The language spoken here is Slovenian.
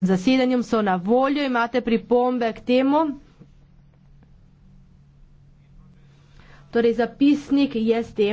zasedanjem so na voljo, imate pripombe k temu. Torej zapisnik je s tem.